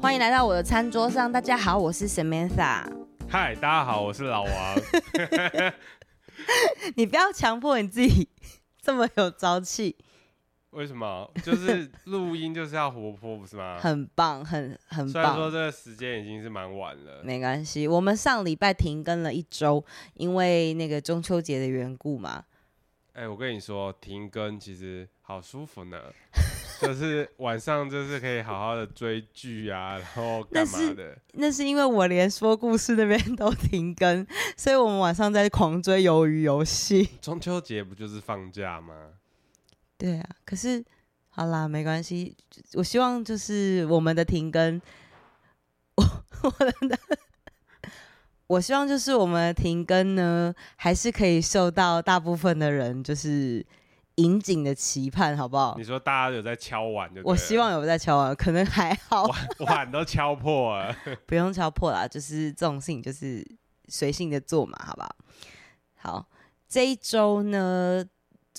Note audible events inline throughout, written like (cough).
歡迎來到我的餐桌上，大家好，我是 Samantha。嗨，大家好，我是老王。 (laughs) (laughs) (laughs) 你不要強迫你自己 (laughs) 這麼有朝氣。為什麼？就是錄音就是要活潑，不是嗎？ (laughs) 很棒，很很棒。雖然說這個時間已經是蠻晚了，沒關係。我們上禮拜停更了一周，因為那個中秋節的緣故嘛。哎、欸，我跟你說，停更其實好舒服呢， (laughs) 就是晚上就是可以好好的追劇啊，然後幹嘛的 (laughs) 那？那是因為我連說故事那邊都停更，所以我們晚上在狂追《魷魚遊戲》。中秋節不就是放假嗎？對啊，可是好啦，沒關係。我希望就是我們的停更，我我的，我希望就是我們的停更呢，還是可以受到大部分的人就是引頸的期盼，好不好？你說大家有在敲碗就？我希望有在敲碗，可能還好，碗都敲破了， (laughs) 不用敲破啦，就是這種事情就是隨性的做嘛，好不好？好，這一周呢，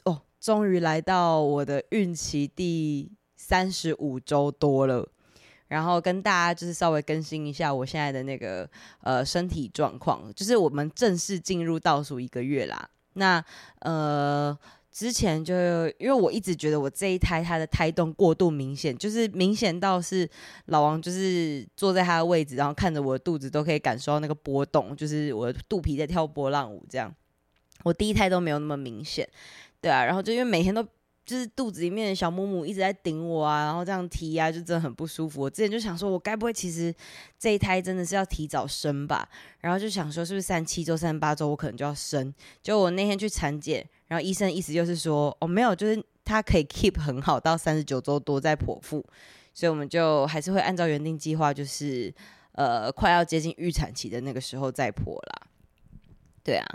哦、喔。終於來到我的孕期第三十五周多了，然後跟大家就是稍微更新一下我現在的那個呃身體狀況，就是我們正式進入倒數一個月啦。那呃之前就因為我一直覺得我這一胎他的胎動過度明顯，就是明顯到是老王就是坐在他的位置，然後看着我的肚子都可以感受到那個波動，就是我的肚皮在跳波浪舞這樣。我第一胎都沒有那麼明顯。對啊，然後就因為每天都就是肚子裡面的小木木一直在頂我啊，然後這樣踢呀、啊，就真的很不舒服。我之前就想說，我該不會其實這一胎真的是要提早生吧？然後就想說，是不是三七周、三八周我可能就要生？結果我那天去產檢，然後醫生的意思就是說，哦，沒有，就是他可以 keep 很好到三十九周多再剖腹，所以我們就還是會按照原定計劃，就是呃快要接近預產期的那個時候再剖啦。對啊，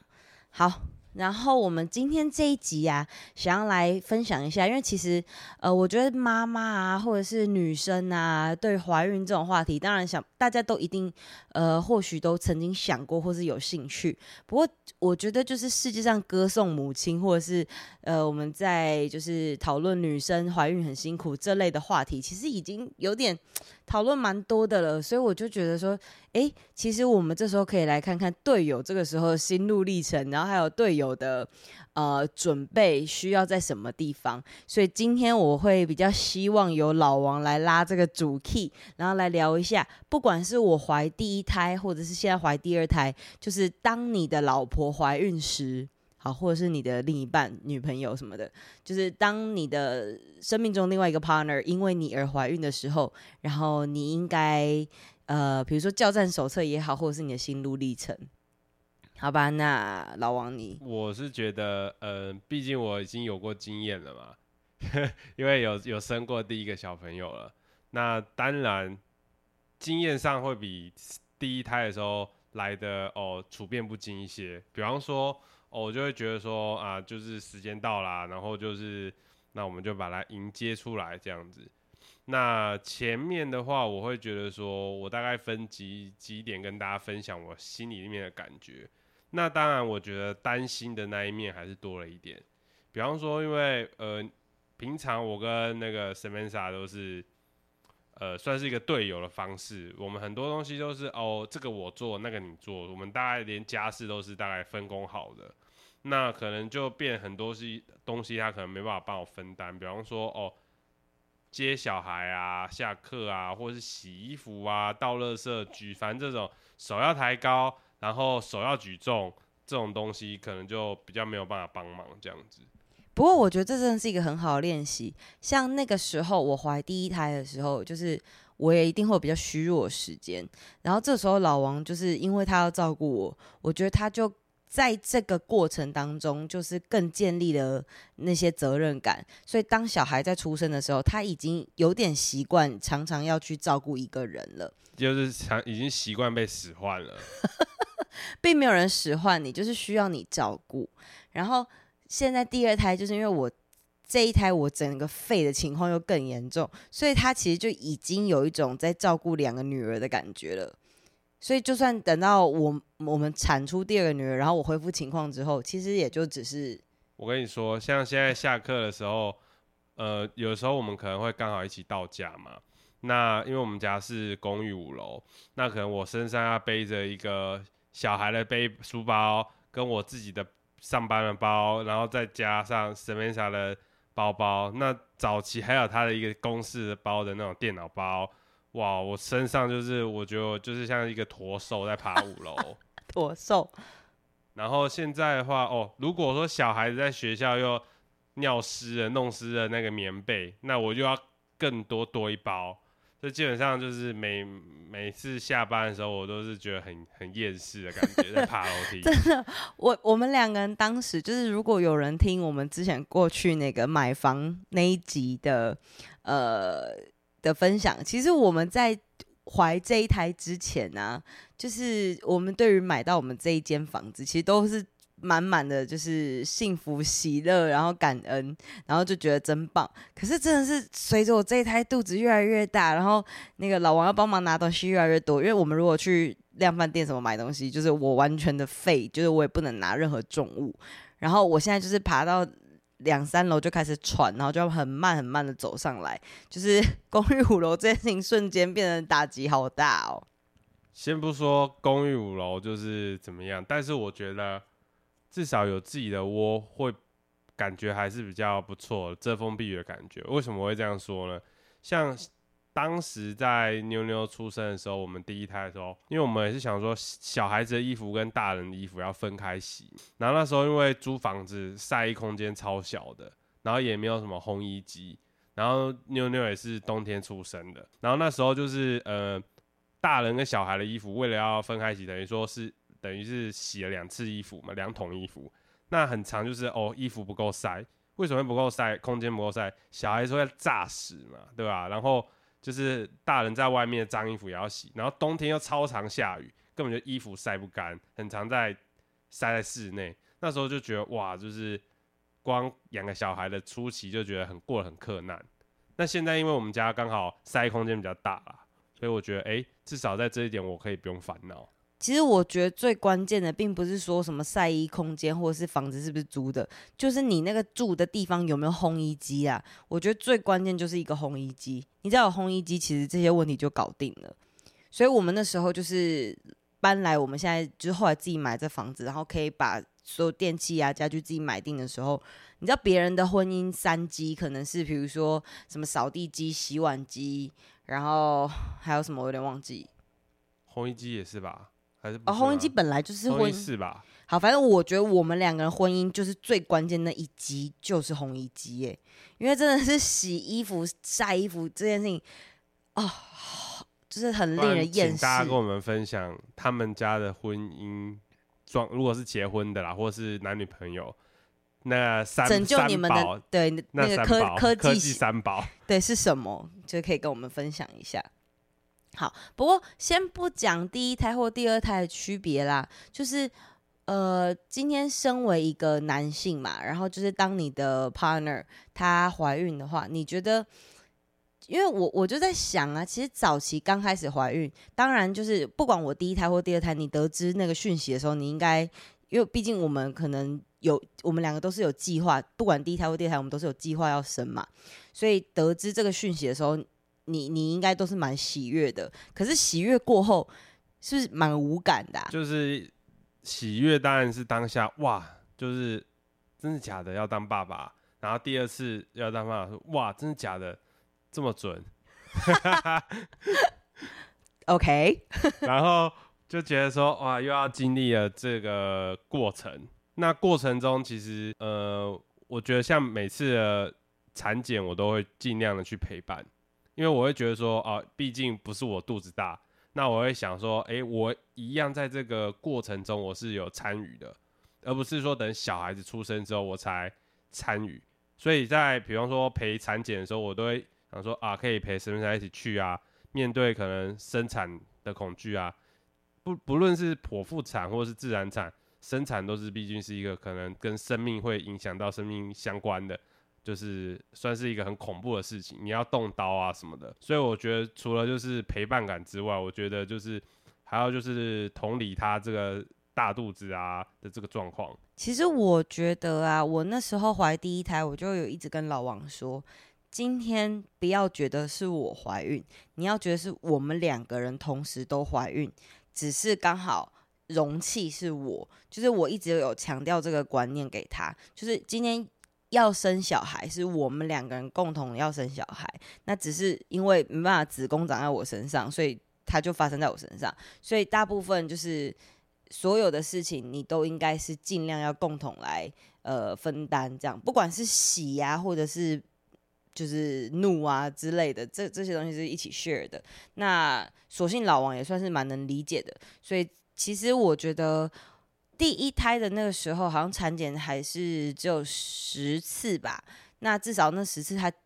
好。然後我們今天這一集呀、啊，想要來分享一下，因為其實，呃，我覺得媽媽啊，或者是女生啊，對懷孕這種話題，當然想大家都一定，呃，或許都曾經想過，或是有興趣。不過我覺得，就是世界上歌頌母親，或者是，呃，我們在就是討論女生懷孕很辛苦這類的話題，其實已經有點。討論蠻多的了，所以我就覺得說，哎，其實我們這時候可以來看看隊友這個時候的心路歷程，然後還有隊友的，呃，準備需要在什麼地方。所以今天我會比較希望由老王來拉這個主 key，然後來聊一下，不管是我懷第一胎，或者是現在懷第二胎，就是當你的老婆懷孕時。好，或者是你的另一半、女朋友什麼的，就是當你的生命中另外一個 partner 因為你而懷孕的時候，然後你應該呃，比如說教戰手冊也好，或者是你的心路歷程，好吧？那老王你，我是覺得呃，畢竟我已經有過經驗了嘛呵呵，因為有有生過第一個小朋友了，那當然經驗上會比第一胎的時候來的哦處變不驚一些，比方說。Oh, 我就會覺得說啊，就是時間到啦，啊，然後就是那我們就把它迎接出來這樣子。那前面的話，我會覺得說我大概分幾幾點跟大家分享我心裡面的感覺。那當然，我覺得擔心的那一面還是多了一點。比方說，因為呃，平常我跟那個 Samantha 都是呃算是一個隊友的方式，我們很多東西都是哦，這個我做，那個你做，我們大概連家事都是大概分工好的。那可能就變很多是東西，他可能沒辦法幫我分擔。比方說，哦，接小孩啊、下課啊，或者是洗衣服啊、倒垃圾、舉凡這種手要抬高，然後手要舉重，這種東西可能就比較沒有辦法幫忙這樣子。不過我覺得這真的是一個很好的練習。像那個時候我懷第一胎的時候，就是我也一定會有比較虛弱的時間，然後這時候老王就是因為他要照顧我，我覺得他就。在這個過程當中，就是更建立了那些責任感，所以當小孩在出生的時候，他已經有點習慣常常要去照顧一個人了，就是常已經習慣被使喚了， (laughs) 並沒有人使喚你，就是需要你照顧。然後現在第二胎，就是因為我這一胎我整個肺的情況又更嚴重，所以他其實就已經有一種在照顧兩個女兒的感覺了。所以，就算等到我我們產出第二個女兒，然後我恢復情況之後，其實也就只是……我跟你說，像現在下課的時候，呃，有時候我們可能會剛好一起到家嘛。那因為我們家是公寓五樓，那可能我身上要背着一個小孩的背書包，跟我自己的上班的包，然後再加上 Samantha 的包包，那早期還有他的一個公事的包的那種電腦包。哇，我身上就是我覺得我就是像一個駝獸在爬五樓， (laughs) 駝獸。然後現在的話，哦，如果說小孩子在學校又尿濕了、弄濕了那個棉被，那我就要更多多一包。就基本上就是每每次下班的時候，我都是覺得很很厭世的感覺，在爬樓梯。 (laughs) 真的，我我們兩個人當時就是，如果有人聽我們之前過去那個買房那一集的，呃。的分享，其實我們在懷這一胎之前呢、啊，就是我們對於買到我們這一間房子，其實都是滿滿的就是幸福、喜樂，然後感恩，然後就覺得真棒。可是真的是隨着我這一胎肚子越來越大，然後那個老王要幫忙拿東西越來越多，因為我們如果去量販店什麼買東西，就是我完全的廢，就是我也不能拿任何重物。然後我現在就是爬到。兩三樓就開始喘，然後就要很慢很慢的走上來。就是公寓五樓這件事情，瞬間變得打擊好大哦。先不說公寓五樓就是怎麼樣，但是我覺得至少有自己的窩，會感覺還是比較不錯，遮風避雨的感覺。為什麼會這樣說呢？像、嗯。當時在妞妞出生的時候，我們第一胎的時候，因為我們也是想說，小孩子的衣服跟大人的衣服要分開洗。然後那時候因為租房子曬衣空間超小的，然後也沒有什麼烘衣機，然後妞妞也是冬天出生的，然後那時候就是呃，大人跟小孩的衣服為了要分開洗，等於說是等於是洗了兩次衣服嘛，兩桶衣服。那很常就是哦、喔，衣服不夠曬，為什麼會不夠曬？空間不夠曬，小孩說要炸死嘛，對吧、啊？然後。就是大人在外面髒衣服也要洗，然後冬天又超常下雨，根本就衣服曬不乾，很常在晒在室內。那時候就覺得哇，就是光養個小孩的初期就覺得很過得很克難。那現在因為我們家剛好曬空間比較大啦，所以我覺得哎、欸，至少在這一點我可以不用煩惱。其實我覺得最關鍵的，並不是說什麼曬衣空間或者是房子是不是租的，就是你那個住的地方有沒有烘衣機啊？我覺得最關鍵就是一個烘衣機。你知道有烘衣機，其實這些問題就搞定了。所以我們那時候就是搬來，我們現在就是後來自己買這房子，然後可以把所有電器啊、家具自己買定的時候，你知道別人的婚姻三機可能是比如說什麼掃地機、洗碗機，然後還有什麼，我有點忘記，烘衣機也是吧？還是，是啊，哦、烘衣機本來就是婚姻是吧？好，反正我覺得我們兩個人婚姻就是最關鍵那一集就是烘衣機耶，因為真的是洗衣服、曬衣服這件事情，哦，就是很令人厭世。大家跟我們分享他們家的婚姻裝，如果是結婚的啦，或是男女朋友，那三拯救你們的，寶對那個科技科技三寶對是什麼，就可以跟我們分享一下。好，不過先不講第一胎或第二胎的區別啦，就是呃，今天身為一個男性嘛，然後就是當你的 partner 她懷孕的話，你覺得？因為我我就在想啊，其實早期剛開始懷孕，當然就是不管我第一胎或第二胎，你得知那個訊息的時候，你應該，因為畢竟我們可能有，我們兩個都是有計劃，不管第一胎或第二胎，我們都是有計劃要生嘛，所以得知這個訊息的時候。你你應該都是蠻喜悅的，可是喜悅過後是蠻無感的，啊。就是喜悅當然是當下，哇，就是真的假的要當爸爸，然後第二次要當爸爸說，哇，真的假的這麼準 (laughs) (laughs) ？OK， (laughs) 然後就覺得說，哇，又要經歷了這個過程。那過程中其實呃，我覺得像每次的產檢，我都會盡量的去陪伴。因為我會覺得說，啊，畢竟不是我肚子大，那我會想說，哎，我一樣在這個過程中我是有參與的，而不是說等小孩子出生之後我才參與。所以在比方說陪產檢的時候，我都會想說啊，可以陪沈先生一起去啊，面對可能生產的恐懼啊，不不論是剖腹產或是自然產，生產都是畢竟是一個可能跟生命會影響到生命相關的。就是算是一個很恐怖的事情，你要動刀啊什麼的，所以我覺得除了就是陪伴感之外，我覺得就是還要就是同理他這個大肚子啊的這個狀況。其實我覺得啊，我那時候懷第一胎，我就有一直跟老王說，今天不要覺得是我懷孕，你要覺得是我們兩個人同時都懷孕，只是剛好容器是我，就是我一直有強調這個觀念給他，就是今天，要生小孩是我們兩個人共同要生小孩，那只是因為沒辦法子宮長在我身上，所以它就發生在我身上。所以大部分就是所有的事情，你都應該是盡量要共同來呃分擔，這樣不管是喜啊，或者是就是怒啊之類的，這這些東西是一起 share 的。那所幸老王也算是蠻能理解的，所以其實我覺得。第一胎的那個時候，好像產檢還是只有十次吧。那至少那十次他、他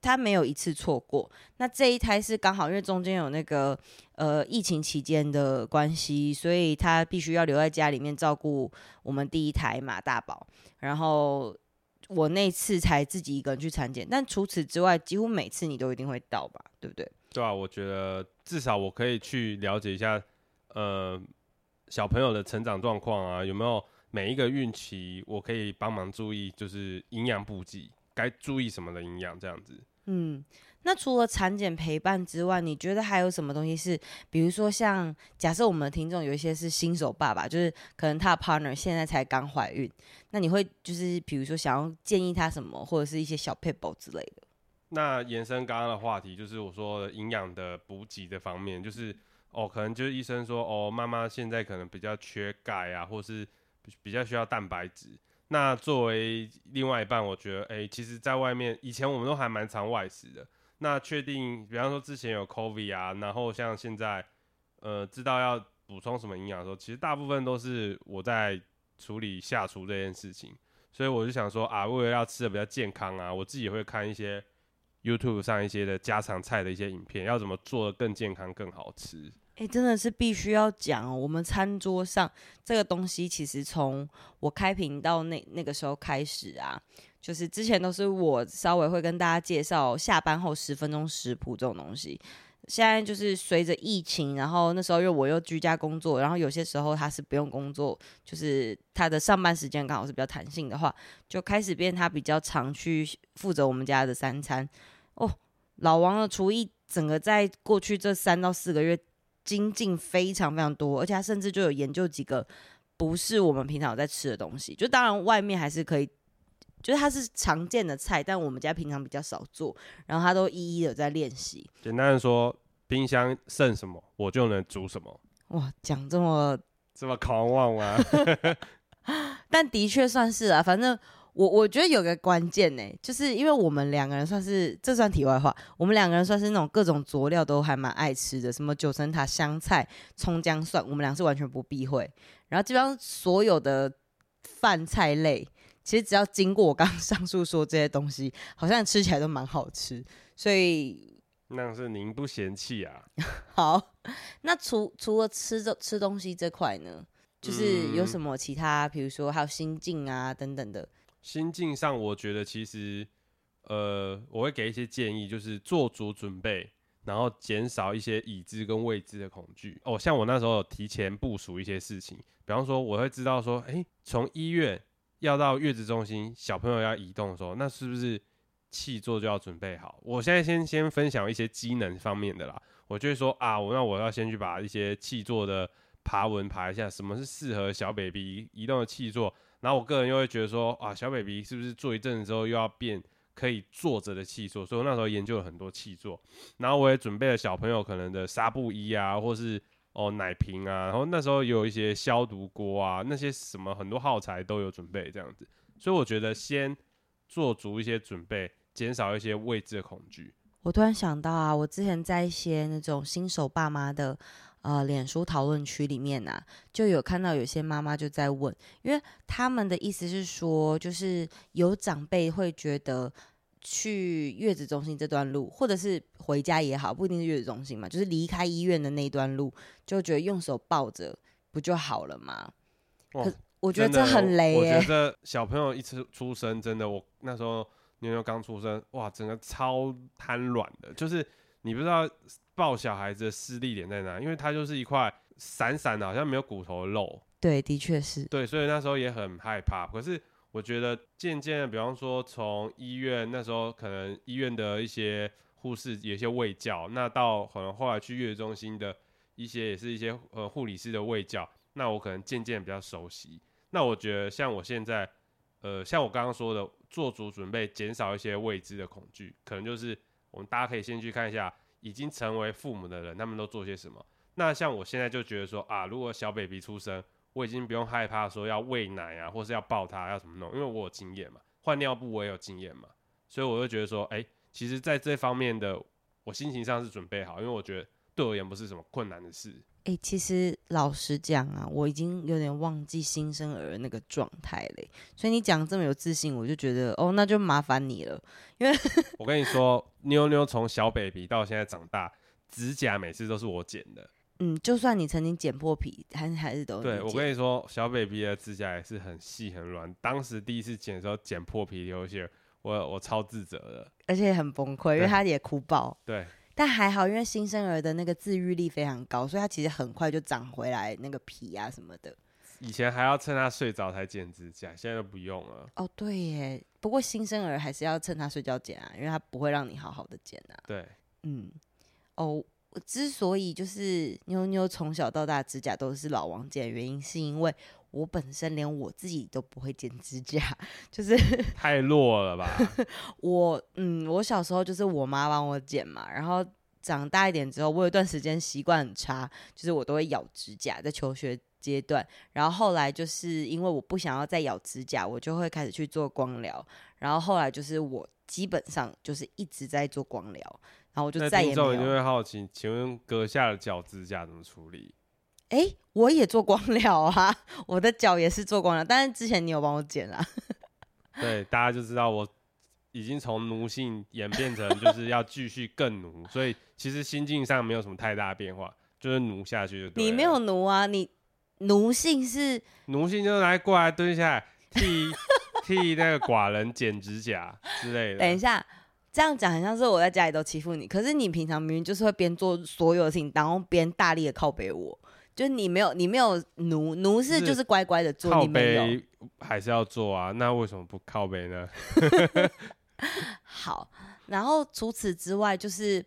他沒有一次錯過。那這一胎是剛好，因為中間有那個呃疫情期間的關係，所以他必須要留在家裡面照顧我們第一胎馬大寶。然後我那次才自己一個人去產檢，但除此之外，幾乎每次你都一定會到吧？對不對？對啊，我覺得至少我可以去了解一下，呃。小朋友的成長狀況啊，有沒有每一個孕期我可以幫忙注意，就是營養補給該注意什麼的營養這樣子。嗯，那除了產檢陪伴之外，你覺得還有什麼東西是，比如說像假設我們的聽眾有一些是新手爸爸，就是可能他的 partner 現在才剛懷孕，那你會就是比如說想要建議他什麼，或者是一些小撇步之類的。那延伸剛剛的話題，就是我說營養的補給的方面，就是。哦，可能就是醫生說，哦，媽媽現在可能比較缺鈣啊，或是比較需要蛋白質。那作為另外一半，我覺得，哎、欸，其實，在外面，以前我們都還蠻常外食的。那確定，比方說之前有 COVID 啊，然後像現在，呃，知道要補充什麼營養的時候，其實大部分都是我在處理下廚這件事情。所以我就想說，啊，為了要吃的比較健康啊，我自己也會看一些 YouTube 上一些的家常菜的一些影片，要怎麼做的更健康、更好吃。哎，真的是必須要講哦！我們餐桌上這個東西，其實從我開頻道那那個時候開始啊，就是之前都是我稍微會跟大家介紹、哦、下班後十分鐘食譜這種東西。現在就是隨着疫情，然後那時候又我又居家工作，然後有些時候他是不用工作，就是他的上班時間剛好是比較彈性的話，就開始變他比較常去負責我們家的三餐。哦，老王的廚藝，整個在過去這三到四個月，精進非常非常多，而且他甚至就有研究幾個不是我們平常有在吃的東西，就當然外面還是可以，就是它是常見的菜，但我們家平常比較少做，然後他都一一的在練習。簡單的說，冰箱剩什麼，我就能煮什麼。哇，講這麼這麼狂妄啊！ (laughs) (laughs) 但的確算是啊，反正。我我覺得有一個關鍵呢、欸，就是因為我們兩個人算是這算題外話，我們兩個人算是那種各種佐料都還蠻愛吃的，什麼九層塔、香菜、蔥、薑、蒜，我們倆是完全不避諱。然後基本上所有的飯菜類，其實只要經過我剛剛上述說這些東西，好像吃起來都蠻好吃。所以那是您不嫌棄啊？ (laughs) 好，那除除了吃這吃東西這塊呢，就是有什麼其他，嗯、比如說還有心境啊等等的。心境上，我覺得其實，呃，我會給一些建議，就是做足準備，然後減少一些已知跟未知的恐懼。哦，像我那時候有提前部署一些事情，比方說我會知道說，哎，從醫院要到月子中心，小朋友要移動的時候，那是不是汽座就要準備好？我現在先先分享一些機能方面的啦，我就會說啊，我那我要先去把一些汽座的爬文爬一下，什麼是適合小 baby 移動的汽座？然後我個人又會覺得說，啊，小 baby 是不是坐一陣子之後又要變可以坐着的汽座？所以我那時候研究了很多汽座，然後我也準備了小朋友可能的紗布衣啊，或是哦奶瓶啊，然後那時候有一些消毒鍋啊，那些什麼很多耗材都有準備這樣子。所以我覺得先做足一些準備，減少一些未知的恐懼。我突然想到啊，我之前在一些那種新手爸媽的。啊、呃，臉書討論區裡面吶、啊，就有看到有些媽媽就在問，因為他們的意思是說，就是有長輩會覺得去月子中心這段路，或者是回家也好，不一定是月子中心嘛，就是離開醫院的那段路，就覺得用手抱着不就好了嗎？哦、可我覺得這很雷、欸。我覺得小朋友一次出生，真的，我那時候妞妞剛出生，哇，整個超癱軟的，就是。你不知道抱小孩子的施力點在哪，因為他就是一塊散散的，好像沒有骨頭的肉。對，的確是。對，所以那時候也很害怕。可是我覺得漸漸的，比方說從醫院那時候，可能醫院的一些護士有一些衛教，那到可能後來去月子中心的一些也是一些呃護理師的衛教，那我可能漸漸比較熟悉。那我覺得像我現在，呃，像我剛剛說的，做足準備，減少一些未知的恐懼，可能就是。我們大家可以先去看一下，已經成為父母的人，他們都做些什麼。那像我現在就覺得說啊，如果小 baby 出生，我已經不用害怕說要餵奶啊，或是要抱他要怎麼弄，因為我有經驗嘛，換尿布我也有經驗嘛，所以我就覺得說，哎、欸，其實在這方面的我心情上是準備好，因為我覺得。對我而言不是什麼困難的事。哎、欸，其實老實講啊，我已經有點忘記新生兒那個狀態嘞。所以你講這麼有自信，我就覺得哦，那就麻煩你了。因為我跟你說， (laughs) 妞妞從小 baby 到現在長大，指甲每次都是我剪的。嗯，就算你曾經剪破皮，還是還是都剪。對，我跟你說，小 baby 的指甲也是很細很軟。當時第一次剪的時候剪破皮，有一些我我超自責的，而且很崩潰，因為他也哭爆對。對。但還好，因為新生兒的那個自癒力非常高，所以他其實很快就長回來那個皮啊什麼的。以前還要趁他睡着才剪指甲，現在都不用了。哦，對耶。不過新生兒還是要趁他睡覺剪啊，因為他不會讓你好好的剪啊。對，嗯，哦，我之所以就是妞妞從小到大指甲都是老王剪的原因，是因為。我本身連我自己都不會剪指甲，就是太弱了吧？ (laughs) 我嗯，我小時候就是我媽幫我剪嘛，然後長大一點之後，我有一段時間習慣很差，就是我都會咬指甲，在求學階段。然後後來就是因為我不想要再咬指甲，我就會開始去做光療。然後後來就是我基本上就是一直在做光療，然後我就聽再也沒有。你就會好奇，請問閣下的腳指甲怎麼處理？哎、欸，我也做光療啊，我的腳也是做光療，但是之前你有幫我剪了、啊。對，大家就知道我已經從奴性演變成就是要繼續更奴， (laughs) 所以其實心境上沒有什麼太大的變化，就是奴下去就。你沒有奴啊，你奴性是奴性就來過來蹲下來替替那個寡人剪指甲之類的。 (laughs) 等一下，這樣講很像是我在家裡都欺負你，可是你平常明明就是會邊做所有的事情，然後邊大力的靠北我。就是你沒有，你沒有奴奴，是就是乖乖的做，靠杯還是要做啊。那為什麼不靠杯呢？ (laughs) (laughs) 好，然後除此之外，就是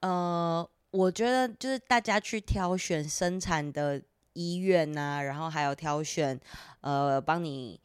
呃，我覺得就是大家去挑選生產的醫院吶、啊，然後還有挑選呃，幫你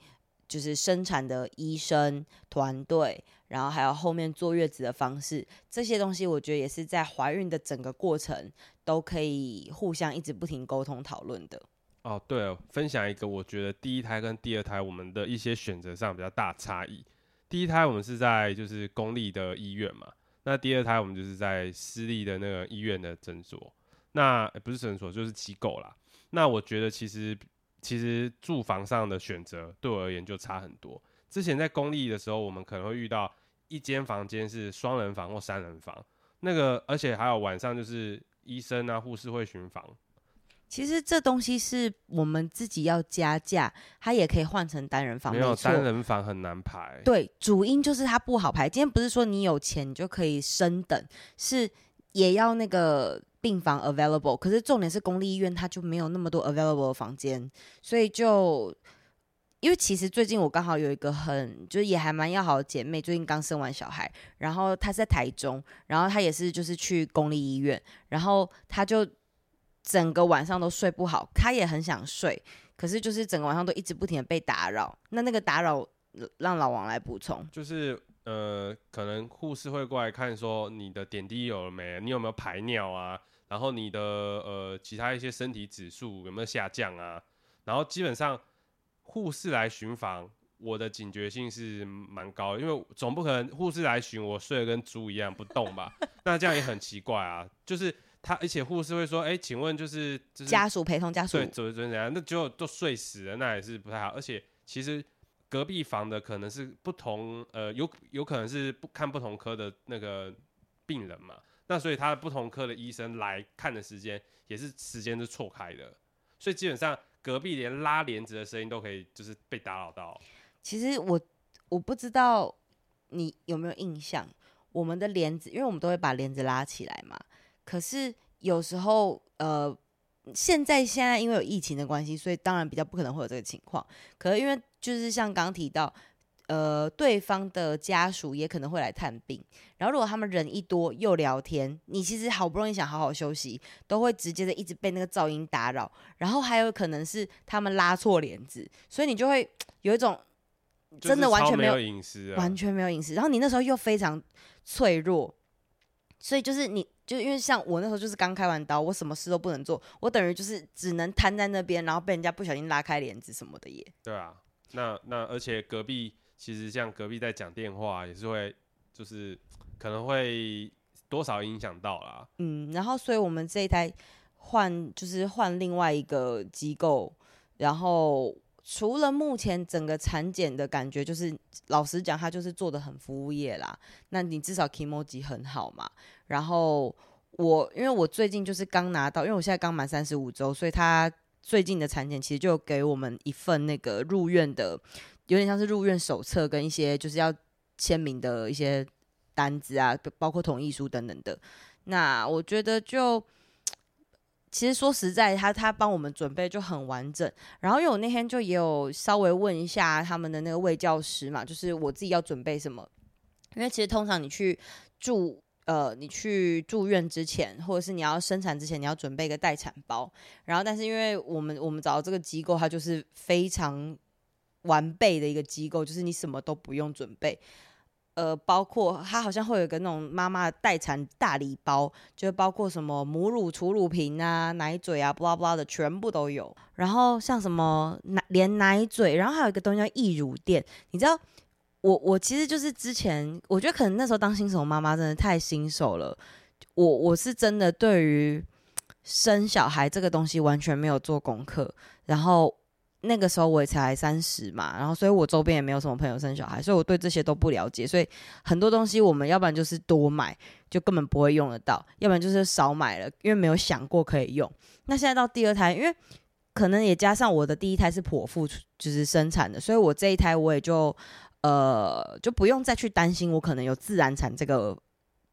就是生產的醫生團隊，然後還有後面坐月子的方式這些東西，我覺得也是在懷孕的整個過程，都可以互相一直不停溝通討論的。哦，對了，分享一個，我覺得第一胎跟第二胎我們的一些選擇上比較大差異。第一胎我們是在就是公立的醫院嘛，那第二胎我們就是在私立的那個醫院的診所，那不是診所就是機構啦。那我覺得其實其實住房上的選擇對我而言就差很多。之前在公立的時候，我們可能會遇到一間房間是雙人房或三人房，那個而且還有晚上就是。醫生啊，護士會巡房。其實這東西是我們自己要加價，它也可以換成單人房，沒有，沒錯，單人房很難排。對，主因就是它不好排。今天不是說你有錢就可以升等，是也要那個病房 available。可是重點是公立醫院它就沒有那麼多 available 的房間，所以就。因為其實最近我剛好有一個很就是也還蠻要好的姐妹，最近剛生完小孩，然後她在台中，然後她也是就是去公立醫院，然後她就整個晚上都睡不好，她也很想睡，可是就是整個晚上都一直不停的被打擾。那那個打擾讓老王來補充，就是呃，可能護士會過來看說你的點滴有了沒，你有沒有排尿啊，然後你的呃其他一些身體指數有沒有下降啊，然後基本上。護士來巡房，我的警覺性是蠻高的，因為總不可能護士來巡我睡得跟豬一樣不動吧？ (laughs) 那這樣也很奇怪啊！就是他，而且護士會說：“哎，請問就是就是家屬陪同家屬，對，怎怎樣？那最後都睡死了，那也是不太好。而且其實隔壁房的可能是不同呃，有有可能是不看不同科的那個病人嘛。那所以他的不同科的醫生來看的時間也是時間是錯開的，所以基本上。隔壁連拉簾子的聲音都可以，就是被打擾到。其實我我不知道你有沒有印象，我們的簾子，因為我們都會把簾子拉起來嘛。可是有時候，呃，現在現在因為有疫情的關係，所以當然比較不可能會有這個情況。可是因為就是像剛提到。呃，對方的家屬也可能會來探病，然後如果他們人一多又聊天，你其實好不容易想好好休息，都會直接的一直被那個噪音打擾，然後還有可能是他們拉錯簾子，所以你就會有一種真的完全沒有，沒有隱私，啊，完全沒有隱私。然後你那時候又非常脆弱，所以就是你就因為像我那時候就是剛開完刀，我什麼事都不能做，我等於就是只能癱在那邊，然後被人家不小心拉開簾子什麼的耶。對啊，那那而且隔壁。其實像隔壁在講電話也是會，就是可能會多少影響到啦。嗯，然後所以我們這一台換就是換另外一個機構，然後除了目前整個產檢的感覺，就是老實講，他就是做的很服務業啦。那你至少 Kimoji 很好嘛。然後我因為我最近就是剛拿到，因為我現在剛滿三十五周，所以他最近的產檢其實就給我們一份那個入院的。有點像是入院手冊跟一些就是要簽名的一些單子啊，包括同意書等等的。那我覺得就其實說實在，他他幫我們準備就很完整。然後因為我那天就也有稍微問一下他們的那個衛教師嘛，就是我自己要準備什麼。因為其實通常你去住呃，你去住院之前，或者是你要生產之前，你要準備一個待產包。然後但是因為我們我們找到這個機構，它就是非常。完備的一個機構，就是你什麼都不用準備，呃，包括它好像會有一個那種媽媽待產大禮包，就包括什麼母乳儲乳瓶啊、奶嘴啊、布拉布拉的，全部都有。然後像什麼奶，連奶嘴，然後還有一個東西叫溢乳墊。你知道，我我其實就是之前，我覺得可能那時候當新手媽媽真的太新手了，我我是真的對於生小孩這個東西完全沒有做功課，然後。那個時候我也才三十嘛，然後所以我周邊也沒有什麼朋友生小孩，所以我對這些都不了解，所以很多東西我們要不然就是多買，就根本不會用得到，要不然就是少買了，因為沒有想過可以用。那現在到第二胎，因為可能也加上我的第一胎是剖腹就是生產的，所以我這一胎我也就呃就不用再去擔心我可能有自然產這個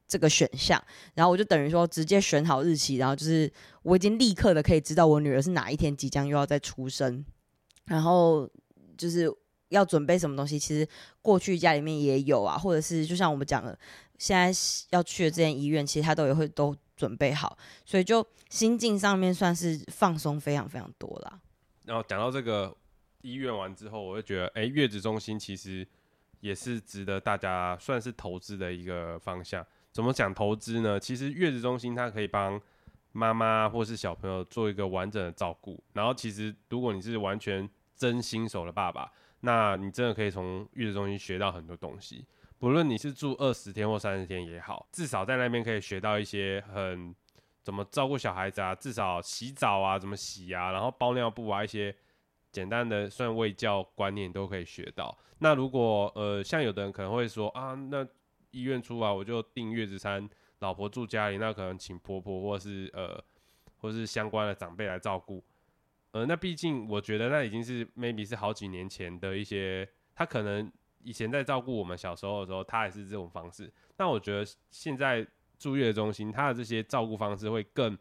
這個選項，然後我就等於說直接選好日期，然後就是我已經立刻的可以知道我女兒是哪一天即將又要再出生。然後就是要準備什麼東西，其實過去家裡面也有啊，或者是就像我們講的，現在要去的這間醫院，其實他都有會都準備好，所以就心境上面算是放鬆非常非常多了。然後講到這個醫院完之後，我會覺得，哎，月子中心其實也是值得大家算是投資的一個方向。怎麼講投資呢？其實月子中心它可以幫媽媽或是小朋友做一個完整的照顧。然後其實如果你是完全真新手的爸爸，那你真的可以從月子中心學到很多東西。不論你是住二十天或三十天也好，至少在那邊可以學到一些很怎麼照顧小孩子啊，至少洗澡啊，怎麼洗啊，然後包尿布啊，一些簡單的算衛教觀念都可以學到。那如果呃，像有的人可能會說啊，那醫院出來我就訂月子餐，老婆住家裡，那可能請婆婆或是呃，或是相關的長輩來照顧。呃，那畢竟我覺得那已經是 maybe 是好幾年前的一些，他可能以前在照顧我們小時候的時候，他還是這種方式。那我覺得現在住月子中心，他的這些照顧方式會更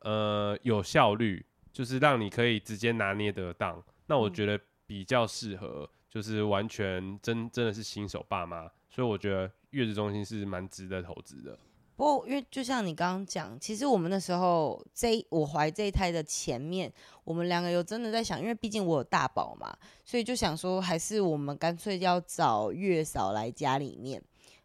呃有效率，就是讓你可以直接拿捏得當。那我覺得比較適合，就是完全真真的是新手爸媽，所以我覺得月子中心是蠻值得投資的。不過，因為就像你剛剛講，其實我們那時候這一，我懷這一胎的前面，我們兩個有真的在想，因為畢竟我有大寶嘛，所以就想說，還是我們乾脆要找月嫂來家裡面，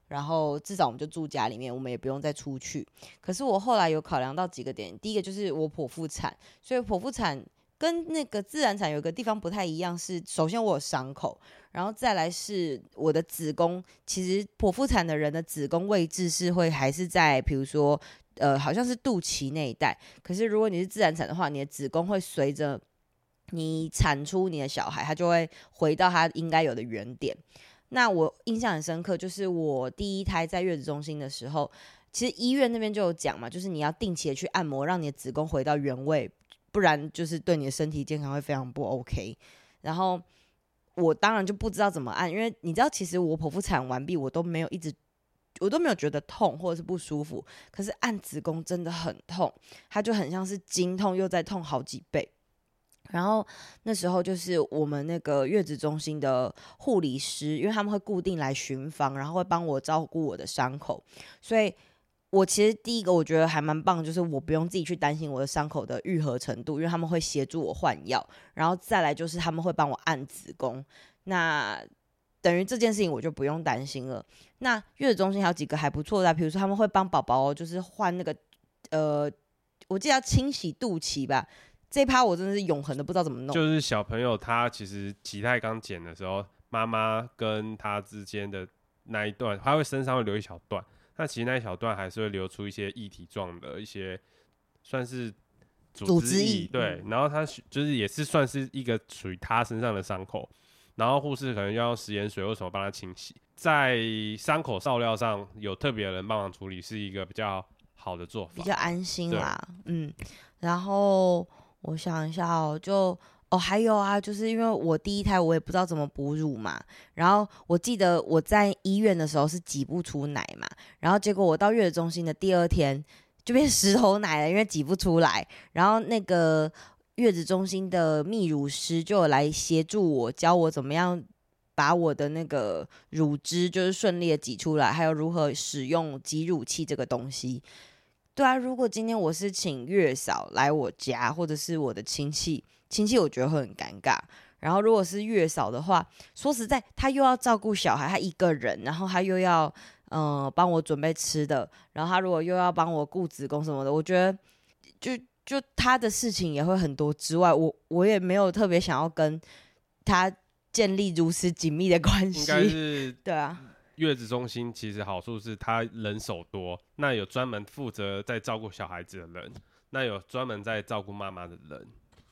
然後至少我們就住家裡面，我們也不用再出去。可是我後來有考量到幾個點，第一個就是我剖腹產，所以剖腹產。跟那個自然產有個地方不太一樣，是首先我有傷口，然後再來是我的子宮。其實剖腹產的人的子宮位置是會還是在，比如說，呃，好像是肚臍那一帶。可是如果你是自然產的話，你的子宮會隨着你產出你的小孩，它就會回到它應該有的原點。那我印象很深刻，就是我第一胎在月子中心的時候，其實醫院那邊就有講嘛，就是你要定期的去按摩，讓你的子宮回到原位。不然就是對你的身體健康會非常不 OK。然後我當然就不知道怎麼按，因為你知道，其實我剖腹產完畢，我都沒有一直，我都沒有覺得痛或者是不舒服。可是按子宮真的很痛，它就很像是經痛又再痛好幾倍。然後那時候就是我們那個月子中心的護理師，因為他們會固定來巡房，然後會幫我照顧我的傷口，所以。我其實第一個我覺得還蠻棒，就是我不用自己去擔心我的傷口的癒合程度，因為他們會協助我換藥，然後再來就是他們會幫我按子宮，那等於這件事情我就不用擔心了。那月子中心還有幾個還不錯的啊，比如說他們會幫寶寶就是換那個呃，我記得清洗肚臍吧，這一趴我真的是永恆的不知道怎麼弄。就是小朋友他其實臍帶剛剪的時候，媽媽跟他之間的那一段，他會身上會留一小段。那其實那一小段還是會流出一些液體狀的一些，算是組織液，組織液對，嗯、然後它就是也是算是一個屬於他身上的傷口，然後護士可能要用食鹽水或什麼幫他清洗，在傷口照料上有特別的人幫忙處理是一個比較好的做法，比較安心啦，對嗯，然後我想一下哦，喔，就。哦，還有啊，就是因為我第一胎我也不知道怎麼哺乳嘛，然後我記得我在醫院的時候是擠不出奶嘛，然後結果我到月子中心的第二天就變石頭奶了，因為擠不出來，然後那個月子中心的泌乳師就有來協助我，教我怎麼樣把我的那個乳汁就是順利的擠出來，還有如何使用擠乳器這個東西。對啊，如果今天我是請月嫂來我家，或者是我的親戚。親戚我覺得會很尷尬，然後如果是月嫂的話，說實在，他又要照顧小孩，他一個人，然後他又要嗯、呃、幫我準備吃的，然後他如果又要幫我雇職工什麼的，我覺得就就他的事情也會很多。之外，我我也沒有特別想要跟他建立如此緊密的關係。對啊，月子中心其實好處是他人手多，那有專門負責在照顧小孩子的人，那有專門在照顧媽媽的人。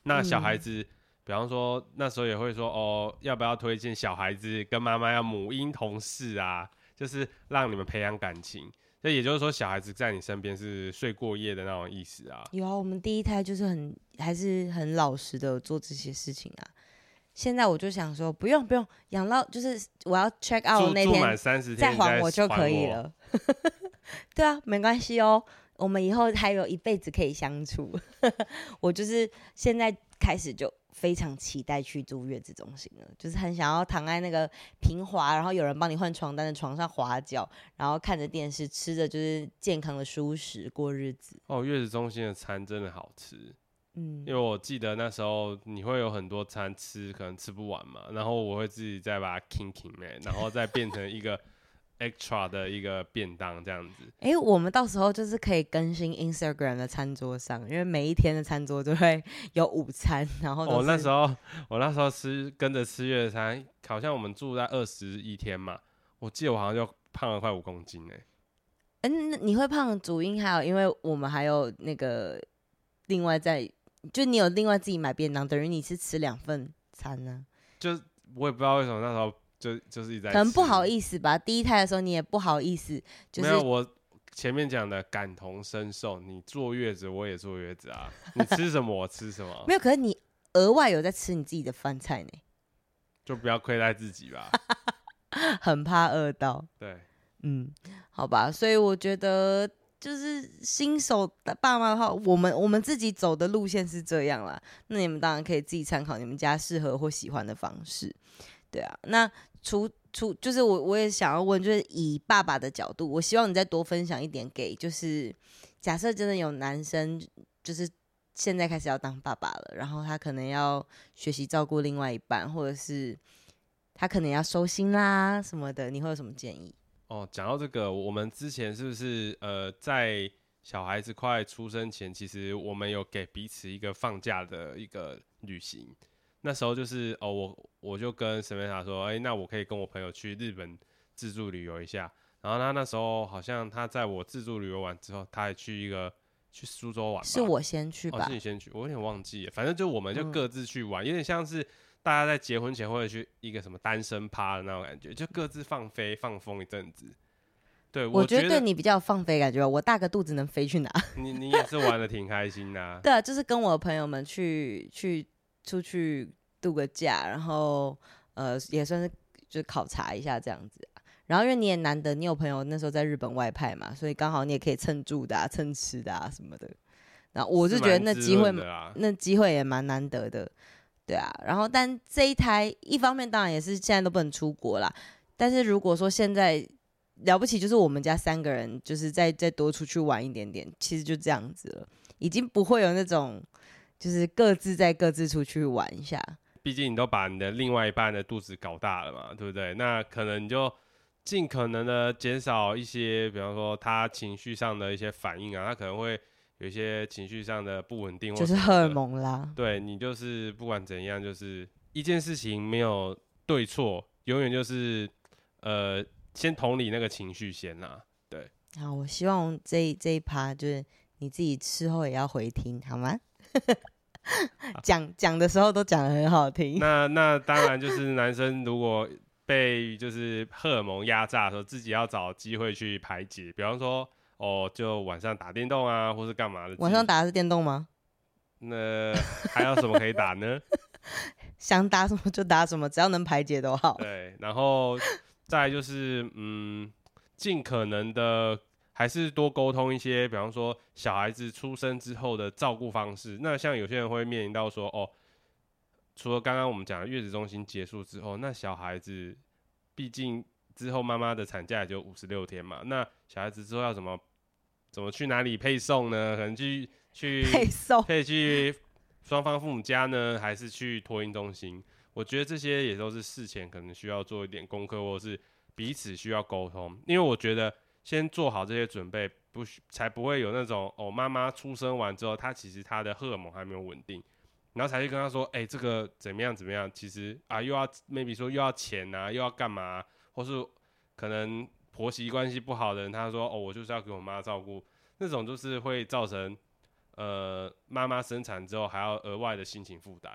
那小孩子，嗯、比方說那時候也會說哦，要不要推薦小孩子跟媽媽要母嬰同室啊？就是讓你們培養感情。那也就是說，小孩子在你身邊是睡過夜的那種意思啊？有啊，我們第一胎就是很還是很老實的做這些事情啊。現在我就想說不，不用不用，養到就是我要 check out 那天，住滿30天再還我就可以了。 (laughs) 對啊，沒關係哦。我們以後還有一輩子可以相處呵呵，我就是現在開始就非常期待去住月子中心了，就是很想要躺在那個平滑，然後有人幫你換床單的床上滑腳，然後看着電視，吃着就是健康的蔬食過日子。哦，月子中心的餐真的好吃，嗯，因為我記得那時候你會有很多餐吃，可能吃不完嘛，然後我會自己再把它 kinking，、欸、然後再變成一個。 (laughs) extra 的一個便當這樣子，哎、欸，我們到時候就是可以更新 Instagram 的餐桌上，因為每一天的餐桌就會有午餐，然後，我、哦、那時候，我那時候吃跟着吃月餐，好像我們住在二十一天嘛，我記得我好像就胖了快五公斤，哎、欸。嗯、欸，那你會胖的主因還有，因為我們還有那個另外在，就你有另外自己買便當，等於你是吃兩份餐呢、啊。就我也不知道為什麼那時候。就就是一直在，很不好意思吧。第一胎的時候你也不好意思，就是、沒有。我前面講的感同身受，你坐月子我也坐月子啊， (laughs) 你吃什麼我吃什麼。沒有，可是你額外有在吃你自己的飯菜呢，就不要虧待自己吧， (laughs) 很怕餓到。對，嗯，好吧。所以我覺得就是新手的爸媽的話，我們我們自己走的路線是這樣啦，那你們當然可以自己參考你們家適合或喜歡的方式。對啊，那除除就是我我也想要問，就是以爸爸的角度，我希望你再多分享一點給，就是假設真的有男生，就是現在開始要當爸爸了，然後他可能要學習照顧另外一半，或者是他可能要收心啦什麼的，你會有什麼建議？哦，講到這個，我們之前是不是呃在小孩子快出生前，其實我們有給彼此一個放假的一個旅行。那時候就是哦，我我就跟沈美霞說，哎、欸，那我可以跟我朋友去日本自助旅遊一下。然後他那時候好像他在我自助旅遊完之後，他還去一個去蘇州玩。是我先去吧、哦，是你先去？我有點忘記。反正就我們就各自去玩，嗯、有點像是大家在結婚前會去一個什麼單身趴的那種感覺，就各自放飛放風一陣子。對，我覺、我覺得對你比較放飛感覺，我大個肚子能飛去哪？你你也是玩的挺開心的、啊。 (laughs) 對啊，就是跟我朋友們去去出去。度個假，然後呃也算是就考察一下這樣子啊。然後因為你也難得，你有朋友那時候在日本外派嘛，所以剛好你也可以蹭住的啊，蹭吃的啊什麼的。那我就覺得那機會，啊，那機會也蠻難得的，對啊。然後但這一胎一方面當然也是現在都不能出國啦。但是如果說現在了不起，就是我們家三個人就是再再多出去玩一點點，其實就這樣子了，已經不會有那種就是各自再各自出去玩一下。畢竟你都把你的另外一半的肚子搞大了嘛，對不對？那可能你就盡可能的減少一些，比方說他情緒上的一些反應啊，他可能會有一些情緒上的不穩定，就是荷爾蒙啦。對，你就是不管怎樣，就是一件事情沒有對錯，永遠就是呃先同理那個情緒先啦。對，好，我希望這這一趴就是你自己事後也要回聽，好嗎？ (laughs) 講講、啊、的時候都講得很好聽。那那當然就是男生如果被就是荷爾蒙壓榨的時候， (laughs) 自己要找機會去排解。比方說哦，就晚上打電動啊，或是幹嘛的。晚上打的是電動嗎？那還有什麼可以打呢？ (laughs) (laughs) 想打什麼就打什麼，只要能排解都好。對，然後再就是嗯，盡可能的。還是多溝通一些，比方說小孩子出生之後的照顧方式。那像有些人會面臨到說，哦，除了剛剛我們講的月子中心結束之後，那小孩子畢竟之後媽媽的產假也就五十六天嘛，那小孩子之後要怎麼怎麼去哪裡配送？呢可能去去配送，可以去雙方父母家呢，還是去托嬰中心？我覺得這些也都是事前可能需要做一點功課，或者是彼此需要溝通，因為我覺得。先做好這些準備，不，才不會有那種哦，媽媽出生完之後，她其實她的荷爾蒙還沒有穩定，然後才去跟她說，哎、欸，這個怎麼樣怎麼樣？其實啊，又要 maybe 說又要錢啊，又要幹嘛、啊？或是可能婆媳關係不好的人，她說哦，我就是要給我媽照顧，那種就是會造成呃，媽媽生產之後還要額外的心情負擔。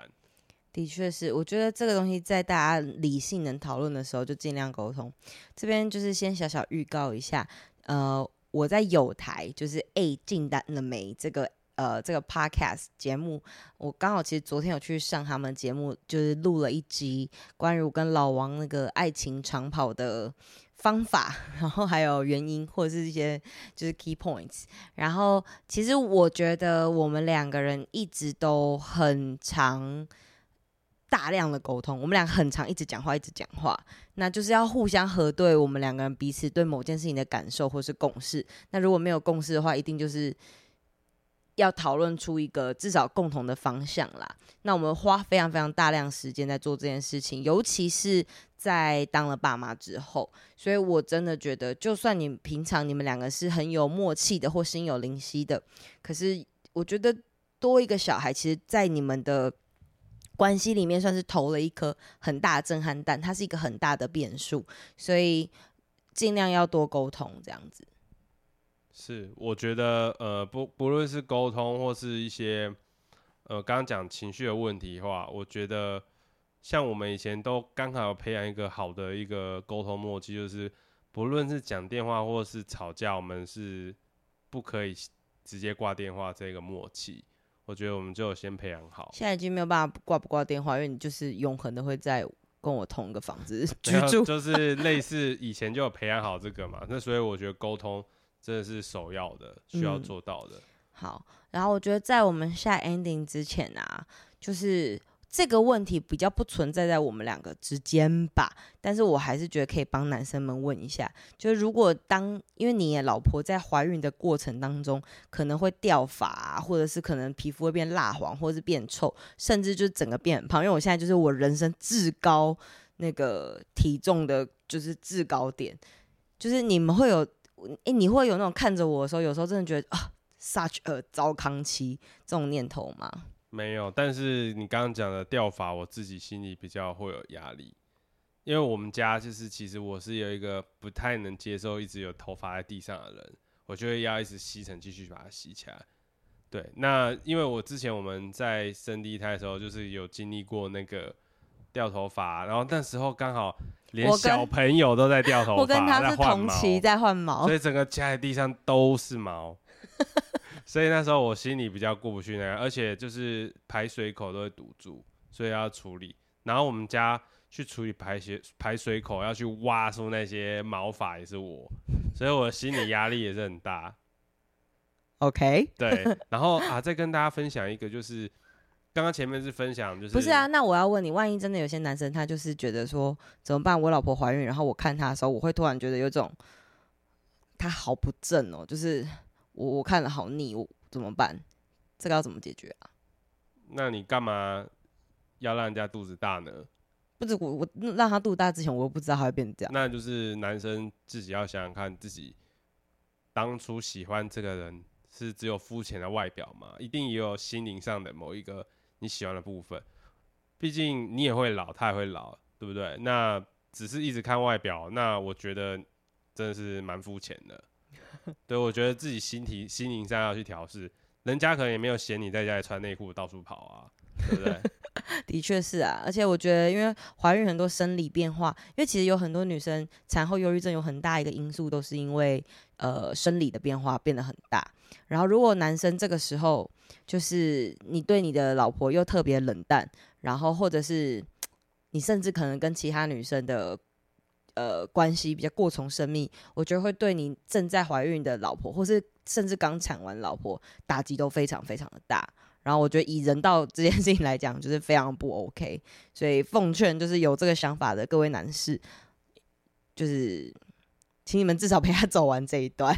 的確是，我覺得這個東西在大家理性能討論的時候，就盡量溝通。這邊就是先小小預告一下，呃，我在友台就是 A 進單了沒這個呃這個 podcast 節目，我剛好其實昨天有去上他們節目，就是錄了一集關於我跟老王那個愛情長跑的方法，然後還有原因或者是一些就是 key points。然後其實我覺得我們兩個人一直都很常大量的溝通，我們倆很常一直講話，一直講話，那就是要互相核對我們兩個人彼此對某件事情的感受或是共識。那如果沒有共識的話，一定就是要討論出一個至少共同的方向啦。那我們花非常非常大量時間在做這件事情，尤其是在當了爸媽之後。所以我真的覺得，就算你平常你們兩個是很有默契的或心有靈犀的，可是我覺得多一個小孩，其實，在你們的。關係裡面算是投了一顆很大的震撼彈，它是一個很大的變數，所以盡量要多溝通，這樣子。是，我覺得，呃，不不論是溝通或是一些，呃，剛剛講情緒的問題的話，我覺得像我們以前都剛好有培養一個好的一個溝通默契，就是不論是講電話或是吵架，我們是不可以直接掛電話，這個默契。我覺得我們就先培養好，現在已經沒有辦法掛不掛電話，因為你就是永恆的會在跟我同一個房子居住，啊，就是類似以前就有培養好這個嘛。 (laughs) 那所以我覺得溝通真的是首要的，需要做到的，嗯。好，然後我覺得在我們下 ending 之前啊，就是。這個問題比較不存在在我們兩個之間吧，但是我還是覺得可以幫男生們問一下，就是如果當，因為你的老婆在懷孕的過程當中，可能會掉髮、啊，或者是可能皮膚會變蠟黃，或者是變臭，甚至就是整個變胖，因為我現在就是我人生至高那個體重的，就是至高點，就是你們會有，誒，你會有那種看着我的時候，有時候真的覺得啊，such a 糟糠妻這種念頭嗎？沒有，但是你剛剛講的掉髮，我自己心裡比較會有壓力，因為我們家就是其實我是有一個不太能接受一直有頭髮在地上的人，我就會要一直吸塵，繼續把它吸起來。對，那因為我之前我們在生第一胎的時候，就是有經歷過那個掉頭髮，然後那時候剛好連小朋友都在掉頭髮，我跟他是同期在換毛，換毛，所以整個家在地上都是毛。 (laughs) 所以那時候我心裡比較過不去那個，而且就是排水口都會堵住，所以要處理。然後我們家去處理排水排水口，要去挖出那些毛髮也是我，所以我的心理壓力也是很大。OK，對。然後啊，再跟大家分享一個，就是剛剛前面是分享，就是不是啊？那我要問你，萬一真的有些男生他就是覺得說怎麼辦？我老婆懷孕，然後我看他的時候，我會突然覺得有一種他好不正哦，就是。我我看了好膩，我怎麼辦？這個要怎麼解決啊？那你幹嘛要讓人家肚子大呢？不是我，我讓他肚子大之前，我又不知道他會變這樣。那就是男生自己要想想看，自己當初喜歡這個人是只有膚淺的外表嘛，一定也有心靈上的某一個你喜歡的部分。畢竟你也會老，他也會老，對不對？那只是一直看外表，那我覺得真的是蠻膚淺的。 (laughs) 對，我覺得自己心體心靈上要去調試，人家可能也沒有嫌你在家裡穿內褲到處跑啊，對不對？ (laughs) 的確是啊，而且我覺得，因為懷孕很多生理變化，因為其實有很多女生產後憂鬱症有很大一個因素都是因為呃生理的變化變得很大。然後如果男生這個時候就是你對你的老婆又特別冷淡，然後或者是你甚至可能跟其他女生的。呃，關係比較過從甚密，我覺得會對你正在懷孕的老婆，或是甚至剛產完老婆，打擊都非常非常的大。然後我覺得以人道這件事情來講，就是非常不 OK。所以奉勸就是有這個想法的各位男士，就是請你們至少陪他走完這一段。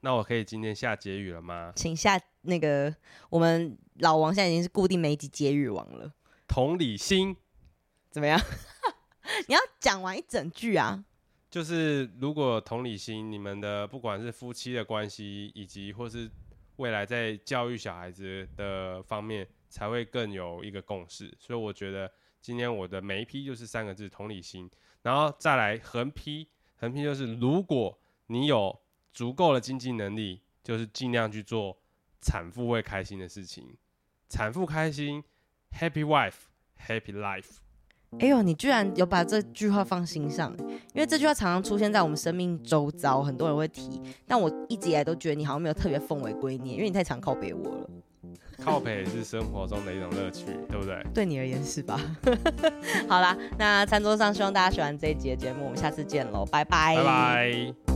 那我可以今天下結語了嗎？請下那個我們老王現在已經是固定每集結語王了。同理心怎麼樣？你要講完一整句啊！就是如果同理心，你們的不管是夫妻的關係，以及或是未來在教育小孩子的方面，才會更有一個共識。所以我覺得今天我的每一批就是三個字：同理心。然後再來橫批，橫批就是：如果你有足夠的經濟能力，就是盡量去做產婦會開心的事情。產婦開心，Happy Wife，Happy Life。哎呦，你居然有把這句話放心上，因為這句話常常出現在我們生命周遭，很多人會提，但我一直以來都覺得你好像沒有特別奉為圭臬，因為你太常靠北我了。靠北也是生活中的一種樂趣，對不對？對你而言是吧？ (laughs) 好啦，那餐桌上希望大家喜歡這一集的節目，我們下次見嘍，拜拜。拜拜。